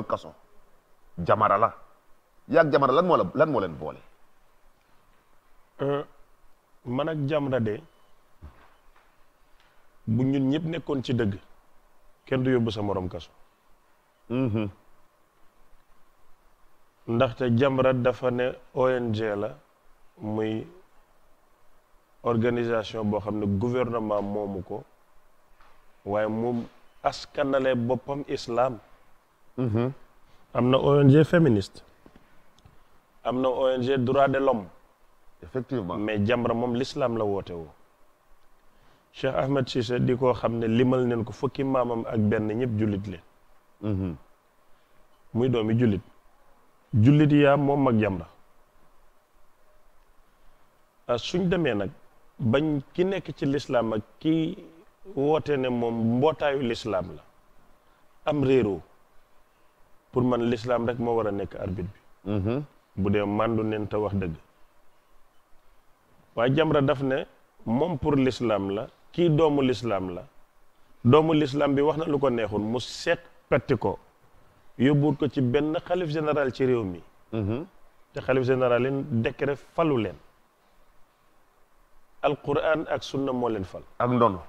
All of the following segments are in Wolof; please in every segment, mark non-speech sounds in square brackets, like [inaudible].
kaso jamara la yaag jamara lan moo lan moo leen boole euh, man ak jamra de bu ñun ñëpp nekkoon ci dëgg kenn du yóbbu sa morom kaso mm-hmm. ndaxte jamra dafa ne ONG la muy organisation boo xam ne gouvernement moomu ko waaye moom askanale boppam islaam Mm-hmm. am na ONG féministe am na ONG droit de l'homme effectivement mais Jamra moom l'islam la woote woo Cheikh Ahmed Cissé di koo xam ne limal neen ko fukki maamam ak benn ñëpp jullit leen mm-hmm. muy doomi jullit jullit yaa moom mag Jamra ah, suñ demee nag bañ ki nekk ci lislaam ak ki woote ne moom mbootaayu lislaam la am réeroo pour man l'islam rek moo war a nekk arbitre bi mhm. bu dee màndu neen wax dëgg waaye Jamra daf ne moom pour lislaam la kii doomu lislaam la doomu lislaam bi wax na lu ko neexul mu seet petti ko yóbbul ko ci benn xalif général ci réew mi mhm. te xalif général leen falu leen alquran ak sunna moo leen fal ak ndono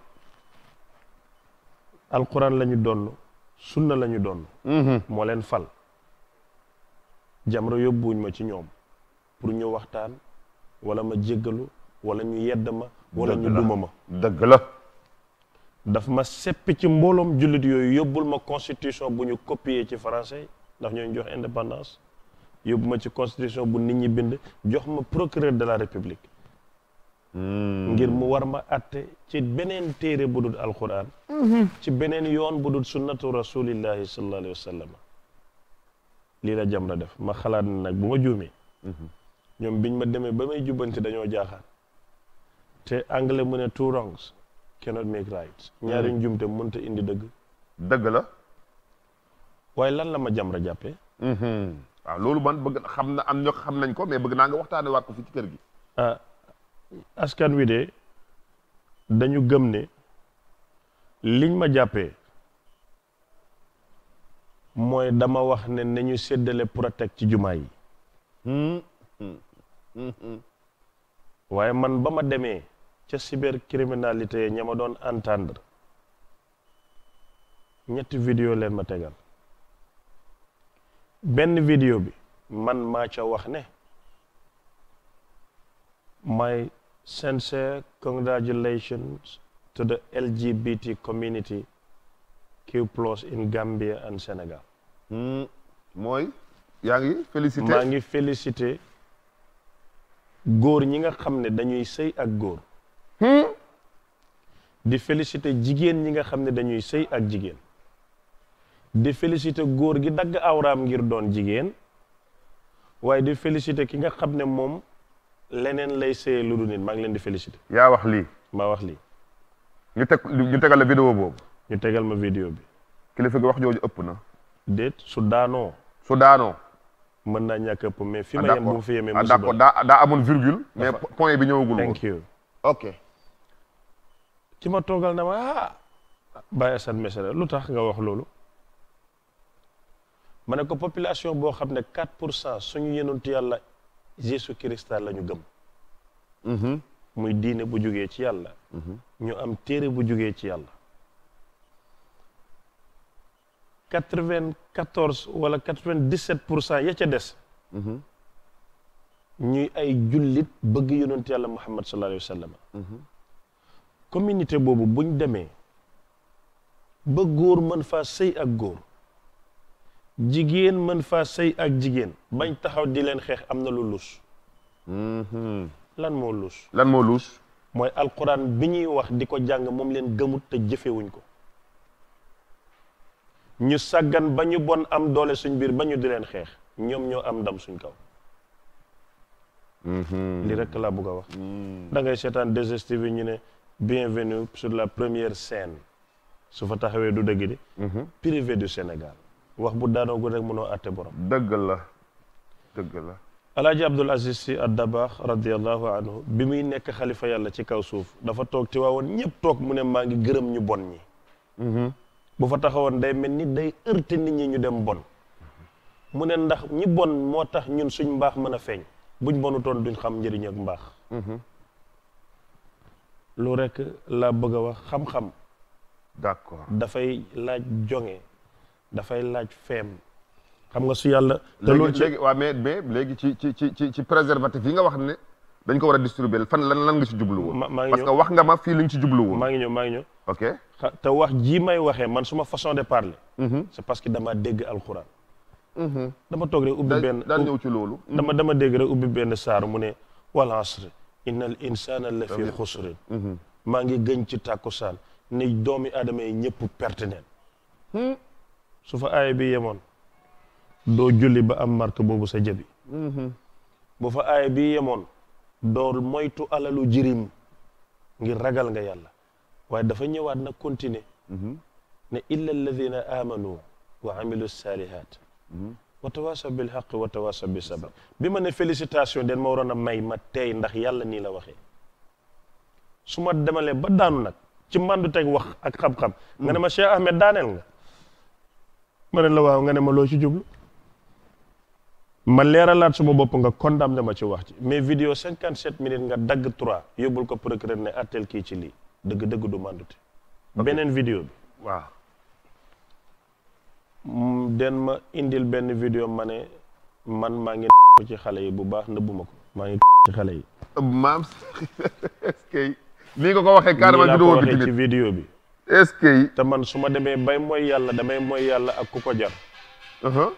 alquran la ñu donn sunna la ñu doon mm-hmm. moo leen fal jamra yóbbuwuñ ma ci ñoom pour ñu waxtaan wala ma jéggalu wala ñu yedd ma wala ñu duma ma dëgg la daf ma seppi ci mbooloom jullit yooyu yóbbul ma constitution bu ñu copier ci français ndax ñooñu jox indépendance yóbbu ma ci constitution bu nit ñi bind jox ma procureur de la république Hmm. ngir mu war ma atte ci beneen téere bu dul alquran mhm. ci beneen yoon bu dul sunnatu rasulillahi sallallahu alayhi wa sallam lii la Jamra def ma xalaat ne nag bu ma juumee mhm. ñoom biñ ma demee ba may jubbanti dañoo jaaxaan te anglais mu ne two wrongs cannot make right ñaari hmm. njumte mënta indi dëgg dëgg la waaye lan la ma Jamra jàppee mhm. waaw loolu man bëgg xam na am ñoo xam nañ ko mais bëgg naa nga waxtaane waat ko fi ci kër gi ah, askan wi de dañu gëm ne liñ ma jàppee mooy dama wax ne nañu seddale pour a teg ci jumaa yi waaye man ba ma demee ca cybercriminalité ña ma doon entendre ñetti vidéo leen ma tegal benn vidéo bi man maa ca wax ne may sincere congratulations to the LGBT community Q plus in Gambia and Senegal. Hmm, mooy. yaa ngi félicité maa ngi félicité góor ñi nga xam ne dañuy sëy ak góor. Hmm? di félicité jigéen ñi nga xam ne dañuy sëy ak jigéen. di félicité góor gi dagg awraam ngir doon jigéen. waaye di félicité ki nga xam ne moom. leneen lay see lu dul nit maa ngi leen di félicité. yaa wax lii. maa wax lii. ñu teg ñu tegal la vidéo boobu. ñu tegal ma vidéo bi. kilifa gi wax jooju ëpp na. déet su daanoo. su daanoo. mën naa ñàkk ëpp mais fi ma ah, yem bu ma fi yemee. ah d'accord daa daa mais point bi ñëwagul woon. thank you ok. ci ma toogal na ma ah. Baye Assane Mesere lu tax nga wax loolu. ma ne ko population boo xam ne 4 pour cent suñu ti yàlla. Jésus Christa la ñu gëm mm-hmm. muy diine bu jugee ci yàlla mm-hmm. ñu am téere bu jugee ci yàlla quatre-vingt-quatorze wala quatre vingt pour cent ya ca des mm-hmm. ñuy ay jullit bëgg yonent yàlla muhammad sallallahu alayhi wa sallam communauté boobu buñ demee ba góor mën faa sëy ak góor jigéen mën faa sëy ak jigéen bañ taxaw di leen xeex am na lu lus mhm. lan moo lus lan moo lus mooy alquran bi ñuy wax di ko jàng moom leen gëmut te jëfewuñ ko ñu sàggan ba ñu bon am doole suñ biir ba ñu di leen xeex ñoom ñoo am ndam suñ kaw mhm. li rek laa bëgg a wax mhm. da ngay seetaan 2STV ñu ne bienvenue sur la première scène su fa taxawee du dëgg de privé du Sénégal wax bu daanoogul rek mënoo àtte borom. dëgg la dëgg la. alaaji abdul aziz si addabaax radiallahu anhu bi muy nekk xalifa yàlla ci kaw suuf dafa toog ci waawoon ñëpp toog mu ne maa ngi gërëm ñu bon ñi mhm. bu fa taxawoon day mel ni day ërte nit ñi ñu dem bon mu ne ndax ñi bon moo tax ñun suñ mbaax mën a feeñ buñ bonutoon duñ xam njëriñ ak mbaax mhm. lu rek laa bëgg a wax xam-xam dafay laaj jonge dafay laaj feem xam nga su yàlla. te loolu ci léegi waaw léegi ci ci ci ci yi nga wax ne dañ ko war a distribuer fan lan lan nga ci jublu woon. parce que wax nga ma fii lañ ci jublu woon. maa ngi ñëw maa ngi ñëw. te wax jii may waxee man suma façon de parler. Mm-hmm. c'est parce que dama dégg alxuraan. Mm-hmm. dama toog rek ubbi benn daan ci loolu. Mm-hmm. dama dama dégg benn saar mu ne wal asri innal insana la fi xusrin maa ngi gën ci saan ni doomi aadama yi ñëpp pertinent hmm? su fa aaya yemoon doo julli ba am marque boobu sa jëbi mm-hmm. bu fa aaya bi yemoon doo moytu alalu jirim ngir ragal nga yàlla waaye dafa ñëwaat nag continuer mm-hmm. ne illa alladina amanu wa amilu salihat mm-hmm. wa tawaasaw bil wa tawaasaw bis bi ma ne félicitation de ma waroon a may ma tey ndax yàlla nii la waxee su ma demalee ba daanu nag ci màndu teg wax ak xam-xam nga ne ma Cheikh Ahmed daaneel nga ma ne la waaw nga ne ma loo ci jublu ma leeralaat suma bopp nga condamné ma ci wax ci mais vidéo cinquante sept minutes nga dagg trois yóbbul ko procureur ne atteel kii ci lii dëgg dëgg du mandute beneen vidéo bi waaw mm, den ma indil benn vidéo ma ne man maa ngi ko [laughs] ci xale yi bu baax nëbbuma ko maa ngi [laughs] ci xale yi maam [laughs] est-ce que nii nga ko waxee carrément ci vidéo bi est-ce que. te man su ma demee bay mooy yàlla damay mooy yàlla ak ku ko jar. Uh-huh.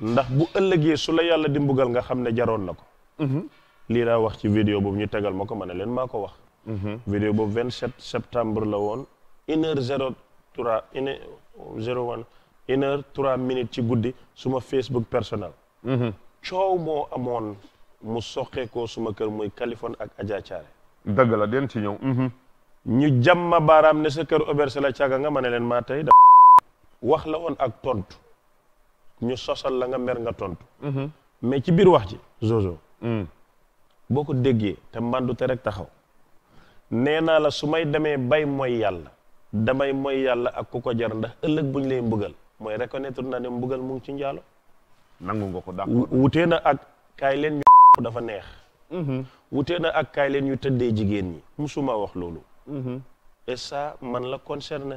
ndax bu ëllëg ëllëgee su la yàlla di mbugal nga xam ne jaroon na ko. Mm-hmm. lii laa wax ci vidéo boobu ñu tegal ma ko ma ne leen maa ko wax. Mm-hmm. vidéo vingt 27 septembre la woon une heure zéro trois une zéro one une heure trois minutes ci guddi suma Facebook personnel. Mm-hmm. coow moo amoon mu soqeekoo suma kër muy Kaliphone ak Adja Thiaré. dëgg la den ci ñëw. ñu jàmma baaraam ne sa kër auberge la càgga nga ma ne leen maa tey da wax la woon ak tontu ñu sosal la nga mer nga tontu mm-hmm. mais ci biir wax ji Jojo mm. boo ko déggee te mbandute rek taxaw nee naa la su may demee bay mooy yàlla damay mooy yàlla ak ku ko jar ndax ëllëg bu ñu lay mbugal mooy reconnaître naa ne mbugal mu ci njaalo nangu nga ko wutee na ak kaay leen ñu dafa neex mm-hmm. wutee na ak kaay leen ñu tëddee jigéen ñi musuma wax loolu Mhm. et sa man la concerné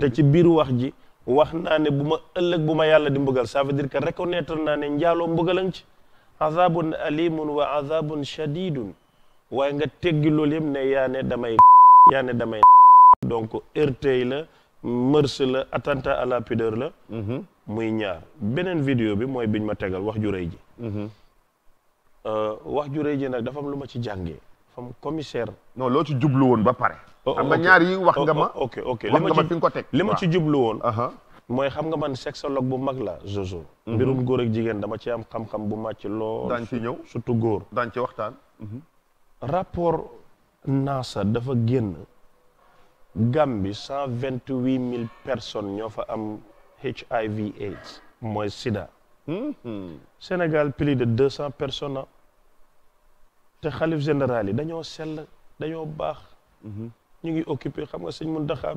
te ci biir wax ji wax naa ne bu ma ëllëg bu ma yàlla di mbugal ça veut dire que reconnaître naa ne njaaloo mbugalan ci azabun alimun wa azabun shadidun waaye nga teggi loolu yëpp ne yaa ne damay yaa damay donc heurtey la mërs la attentat à la pudeur la mhm. muy ñaar beneen vidéo bi mooy biñ ma tegal wax ju rëy ji mhm. euh, wax ju rëy ji nag dafa am lu ma ci jàngee fam commissaire. non loo ci jublu woon ba pare. Oh, xam nga ñaar yi wax nga oh, ma. Oh, ok ok wax nga ma fi nga ko li ma ci jublu woon. mooy xam nga man sexologue bu mag la Jojo. Mhm. mbirum góor ak jigéen dama ci am xam-xam bu màcc lool. daan ci ñëw surtout góor. daan ci waxtaan. Mhm. rapport NASA dafa génn. Gambie cent vingt huit mille personnes ñoo fa am HIV AIDS mooy Sida. Mhm. Sénégal plus de personnes te xalif général yi dañoo sell dañoo baax mhm. ñu ngi occupé xam nga sëñ Muntaxa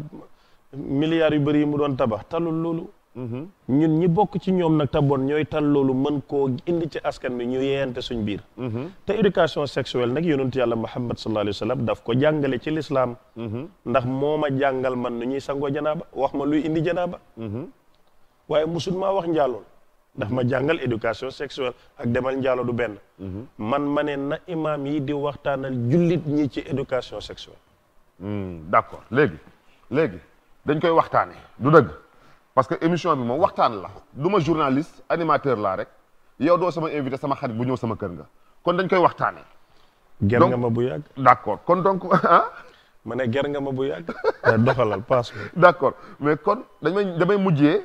milliards yu bëri yi mu doon tabax talul loolu mhm. ñun ñi bokk ci ñoom nag taboon bon ñooy tal loolu mën koo indi ci askan bi ñu yeeyante suñ biir mhm. te éducation sexuelle nag yonent yàlla muhammad sallallahu alayhi wa sallam daf ko jàngale ci lislaam ndax moo ma jàngal man nu sangoo janaaba wax ma luy indi janaaba waaye musul maa wax njaalool daf ma jàngal éducation sexuelle ak demal njaalo du benn mhm. man ma ne na imaam yi di waxtaanal jullit ñi ci éducation sexuelle hmm, d'accord léegi léegi dañ koy waxtaane du dëgg parce que émission bi moom waxtaan la du ma journaliste animateur laa rek yow doo sama invité sama xarit bu ñëw sama kër nga kon dañ koy waxtaane ger nga ma bu yàgg d'accord kon donc [laughs] ah ma ne ger nga ma bu yàgg [laughs] doxalal paas d'accord mais kon damay mujjee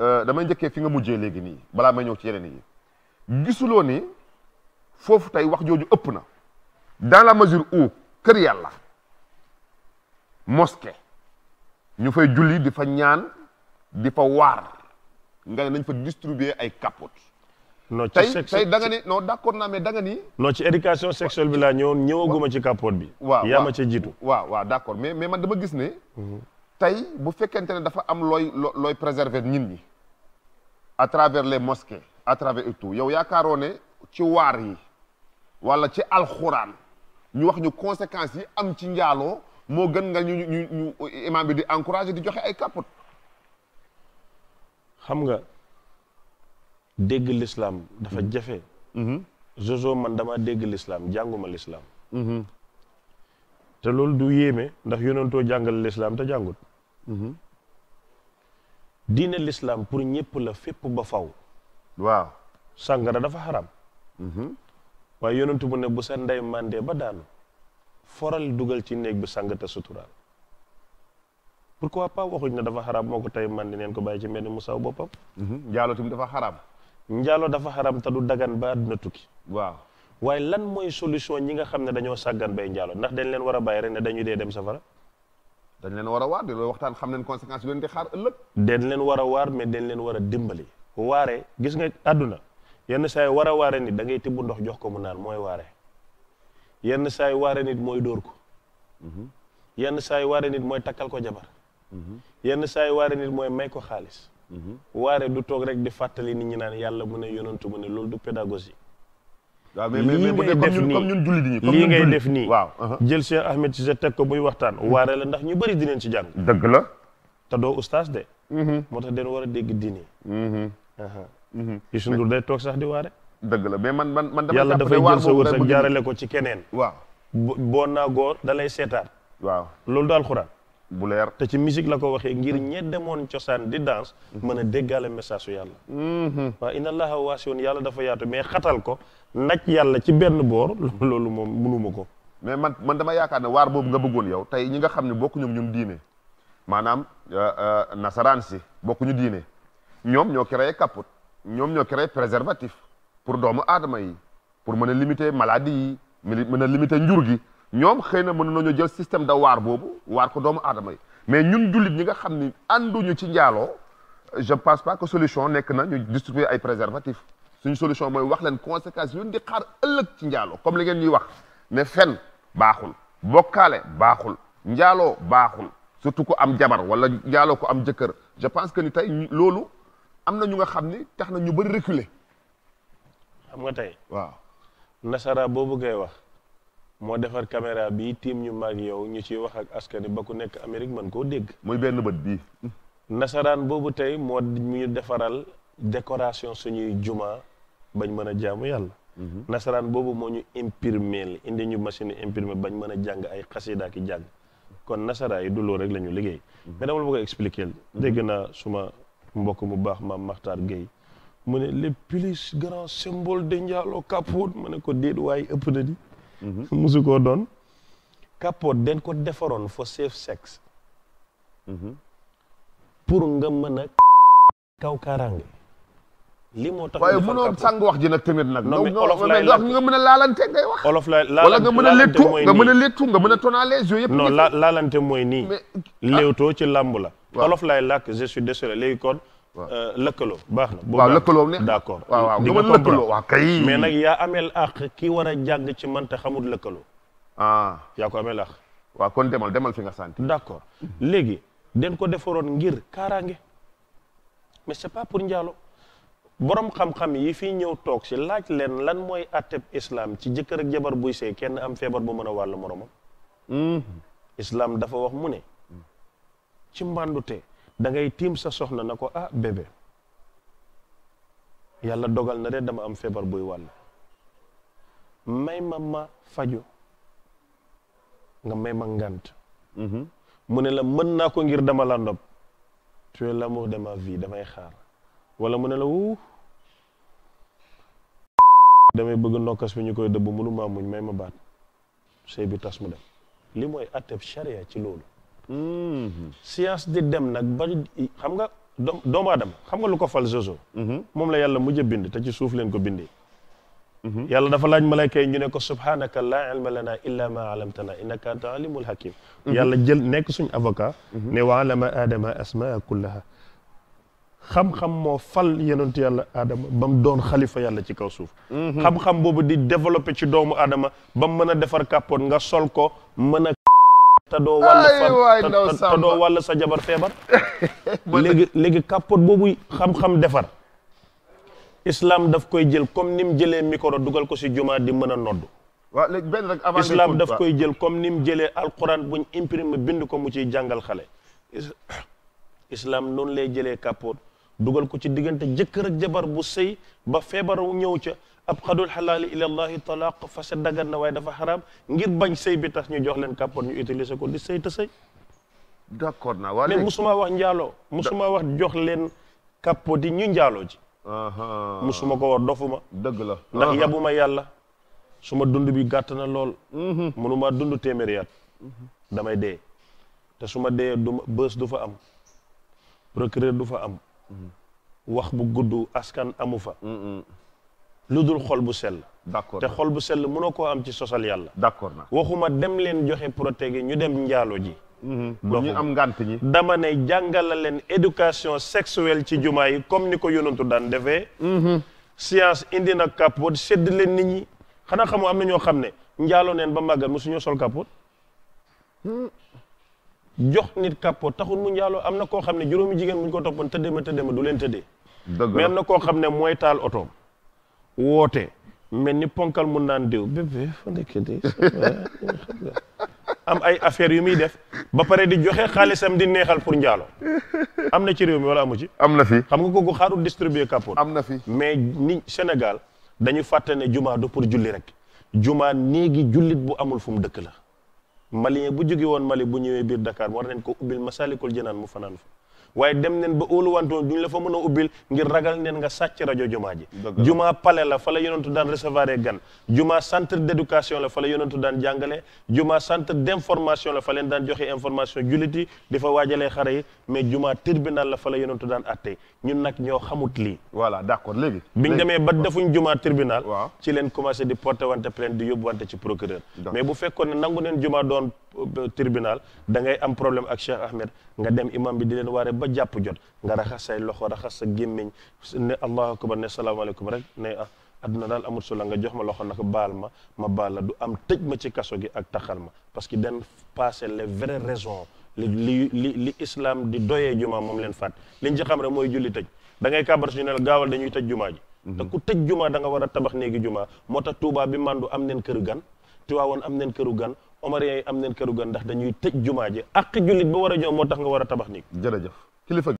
Euh, damay njëkkee fi nga mujjee léegi nii balaa may ñëw ci yeneen yi gisuloo ni foofu tey wax jooju ëpp na dans la mesure où kër yàlla mosquée ñu fay julli di fa ñaan di fa waar nga ne nañ fa distribuer ay capote non ci sexe tey da nga ni d' accord naa ci éducation sexuelle bi laa ñëwoon ñëwaguma ci capote bi. waaw yaa ma ca jiitu. waaw waaw d' accord mais mais man dama gis ne. Mhm. tey bu fekkente ne dafa am looy looy préserver nit ñi. à travers les mosquées à travers et yow yaakaaroo ne ci waar yi wala ci alxuraan ñu wax ñu conséquences yi am ci njaaloo moo gën nga ñu ñu ñu bi di encouragé di joxe ay kàpput xam nga dégg lislaam dafa mm-hmm. jafe mm-hmm. Jojo man dama dégg lislaam jànguma lislaam mm-hmm. te loolu du yéeme ndax yonentoo jàngal lislaam te jàngut diine lislaam pour ñëpp la fépp ba faw waaw sàngara dafa xaram mm-hmm. waaye yonentu mu ne bu sa ndey màndee ba daanu foral dugal ci néeg bi sàngata suturaal pourquoi pas waxuñ ne dafa xaraam moo ko tey màndi neen ko bàyyi ci mel ni mu saw boppam mm-hmm. njaaloo tamit dafa xaraam njaaloo dafa xaram te du dagan ba àdduna tukki waaw waaye lan mooy solution ñi nga xam ne dañoo sàggan bay njaaloo ndax dañ leen war a bàyyi rek ne dañuy dee dem safara dañ leen war a waar di waxtaan xam leen conséquence yi leen di xaar leen war waar mais dañ leen war a dimbali waare gis nga àdduna yenn saa yi war a waare nit da ngay tibb ndox jox ko mu naan mooy waare yenn saa yi waare nit mooy dóor ko mhm. yenn saa yi waare nit mooy takkal ko jabar mhm. yenn saa yi waare nit mooy may ko xaalis mhm. waare du toog rek di fàttali nit ñi naan yàlla mu ne yonantu mu ne loolu du pédagogie waaw mais mais bu dee comme ñun comme lii ngay def nii waaw uh-huh. jël Cheikh Ahmed Cissé teg ko buy waxtaan hmm. waare la ndax ñu bëri dinañ si jàng dëgg la te doo oustaz de mm-hmm. moo tax den war a dégg diine mm-hmm. uh-huh. mm-hmm. Youssou Ndour day toog sax di waare dëgg la mais man man man yàlla dafay jël sa wërsëg jaarale ko ci keneen waaw boo naa góor da lay seetaat waaw loolu daal xuraan bu leer te ci musique la ko waxee ngir ñe demoon cosaan di danse mën a déggaale message su yàlla mhm. waaw inna allaha woon yàlla dafa yaatu mais xatal ko naj yàlla ci benn boor [laughs] loolu moom mënuma ko mais man man dama yaakaar ne waar boobu nga bëggoon yow tey ñi nga xam ne bokku ñoom ñum diine maanaam euh, euh, nasaraan si bokkuñu diine ñoom ñoo créé capot ñoom ñoo créé préservatif pour doomu aadama yi pour mën a limiter maladie yi mën a limiter njur gi ñoom xëy na mën nañu jël système da waar boobu waar ko doomu aadama yi mais ñun jullit ñi nga xam ni ànduñu ci njaaloo je pense pas que solution nekk na ñu distribuer ay préservatifs suñu solution mooy wax leen conséquences yu di xaar ëllëg ci njaaloo comme li ngeen ñuy wax ne fen baaxul bokkaale baaxul njaaloo baaxul surtout ko am jabar wala njaaloo ko am jëkkër je pense que ni tey loolu am na ñu nga xam ni tax na ñu bëri reculer. xam nga tey. waaw nasara boobu ngay wax. moo defar caméra bi tiim ñu maag yow ñu ciy wax ak askani ba ku nekk Amérique mën koo dégg. muy benn bët bii. nasaraan boobu tey moo ñu defaral décoration suñuy juma bañ mën a jaamu yàlla. Mhm. nasaraan boobu moo ñu imprimer indi ñu machine imprimer bañ mën a jàng ay xasida ki jàng kon nasaraan yi du loolu rek la liggéey. Mhm. mais dama la bëgg a expliquer mhm. dégg naa suma mbokk mu baax maam Makhtar Gueye mu ne le plus grand symbole de Ndialo Capoute ma ne ko déet waaye ëpp na Mhm. [laughs] musu koo doon capote den ko defaroon for safe sex mhm. pour nga mën a kaw kaaraange li tax waaye mënoo sàng wax ji nag tamit nag non olof nga mën a laalante ngay wax olof nga mën a léttu nga mën a léttu nga mën a tonale yëpp non laalante mooy nii ah. léewtoo ci làmb la olof lay làkk je suis désolé kon Euh, lëkkaloo baax na. waaw lëkkaloo ne d' accord. waaw waaw dama lëkkaloo waaw kay. mais nag yaa ameel àq ki war a jàng ci man xamul lëkkaloo. ah yaa ko ameel àq. waaw kon demal demal fi nga santi d' accord léegi den ko defaroon ngir kaaraange mais c' pas pour njaalo borom xam-xam yi fii ñëw toog si laaj leen lan mooy atteb islam ci jëkkër ak jabar buy see kenn am feebar bu mën a wàll moromam. Hmm. islam dafa wax mu ne. ci mbàndute da ngay tiim sa soxna na ko ah bébé yàlla dogal na de dama am feebar buy wàll may ma ma faju nga may ma ngant mm-hmm. mu ne la mën naa ko ngir dama la nopp tu es l'amour de vie damay xaar wala mu ne la wuu damay bëgg ndokkas bi ñu koy dëbb mënu maa muñ may ma baat sëy bi tas mu dem li mooy atteb charia ci loolu Mm-hmm. science di dem nag ba xam nga doom doomu aadama xam nga lu ko fal zozo. Mm-hmm. moom la yàlla mujj a bind te ci suuf leen ko bindee. Mm-hmm. yàlla dafa laaj malayka yi ñu ne ko subhanaka laa ilma lana illa ma alamtana innaka anta alimul hakim yàlla jël nekk suñ avocat ne wa alama aadama asmaa kullaha xam-xam moo fal yonentu yàlla aadama ba mu doon xalifa yàlla ci kaw suuf xam-xam boobu di développé ci doomu aadama ba mu mën a defar kàppoon nga sol ko mën a te doo walla sa te jabar feebar [laughs] léegi léegi kàppoot boobu xam-xam defar islam daf koy jël comme ni mu jëlee micro dugal ko si jumaat di mën a nodd waaw benn rek avant islam daf koy jël comme ni mu jëlee alquran buñ imprimé bind ko mu ciy jàngal xale [coughs] islam noonu lay jëlee kàppoot dugal ko ci diggante jëkkër ak jabar bu sëy ba feebar ñëw ca abxadul xalaali ilallahi talaaq fase dagan na waaye dafa xaraam ngir bañ sëy bi tax ñu jox leen kàppoon ñu utiliser ko di sëy te sëy d'accord naa waaye mais musuma wax njaaloo musuma wax jox leen kàppo di ñu njaaloo ji musuma ko war dofuma dëgg la ndax yabuma yàlla suma dund bi gàtt na lool mhm. mënumaa dund téeméeri at mhm. damay dee te su ma dee du bës du fa am procureur du fa am mhm. wax bu gudd askan amu fa lu dul xol bu sell d'accord te xol bu sell mënoo koo am ci sosal yàlla d'accord na waxuma dem leen joxe protéger ñu dem njaalo ji mhm. bu ñu am ngant ñi dama ne jàngala leen éducation sexuelle ci jumaa yi comme ni ko yonantu daan defee mhm. science indi na capote sedd leen nit ñi xanaa xamoo am na ñoo xam ne njaalo neen ba màggat mu suñu sol capote hmm. jox nit capote taxul mu njaaloo am na koo xam ne juróomi jigéen bu ñu ko toppoon tëddee ma tëddee ma du leen tëddee mais am na koo xam ne mooy taal otoom woote mel ni ponkal mun naan diw bébé fa nekk di am ay affaire yu muy def ba pare di joxe xaalisam di neexal pour njaalo am na ci réew mi wala amu ci am na fi xam nga kooku xaarul distribuer kapoor am na fi mais ni Sénégal dañu fàtte ne jumaa du pour julli rek jumaa néegi jullit bu amul fu mu dëkk la malien bu jóge woon Mali bu ñëwee biir Dakar war nañ ko ubbil Masalikul Jinaan mu fanaan fa waaye dem neen ba óoluwantoon duñ la fa mën a ubbil ngir ragal neen nga sàcc rajo jumaa ji jumaa pale la fa la yonentu daan recevoir gan jumaa centre d'éducation la fa la yonentu daan jàngale jumaa centre d'information la fa leen daan joxe information jullit yi di fa waajalee xare yi mais jumaa tribunal la fa la yonentu daan atte ñun nag ñoo xamut lii voilà d'accord léegi biñ demee ba defuñ jumaa tribunal ci leen commencé di porter wante plainte di yóbbu wante ci procureur mais bu fekkoon ne nangu neen jumaa doon Euh, tribunal da ngay am problème ak Cheikh Ahmed nga dem imam bi di leen waare ba jàpp jot nga raxas say loxo raxas sa gémmiñ ne allahu akbar ne salaamaaleykum rek ne ah adduna daal amul sola nga jox ma loxo nag baal ma ma baal la du am tëj ma ci kaso gi ak taxal ma parce que den passé les vraies raisons li li li islam di doyee juma moom leen fàtt liñ ci xam rek mooy julli tëj dangay ngay kàbbar suñu ne gaawal dañuy tëj jumaa ji te ku tëj jumaa danga war a tabax néegi jumaa moo tax Touba bi mandu am neen këru gan Tiwaawoon am neen këru gan Omariens yi am neen këru gan ndax dañuy tëj jumaa ji ak jullit ba war a ñëw moo tax nga war a tabax nii. jërëjëf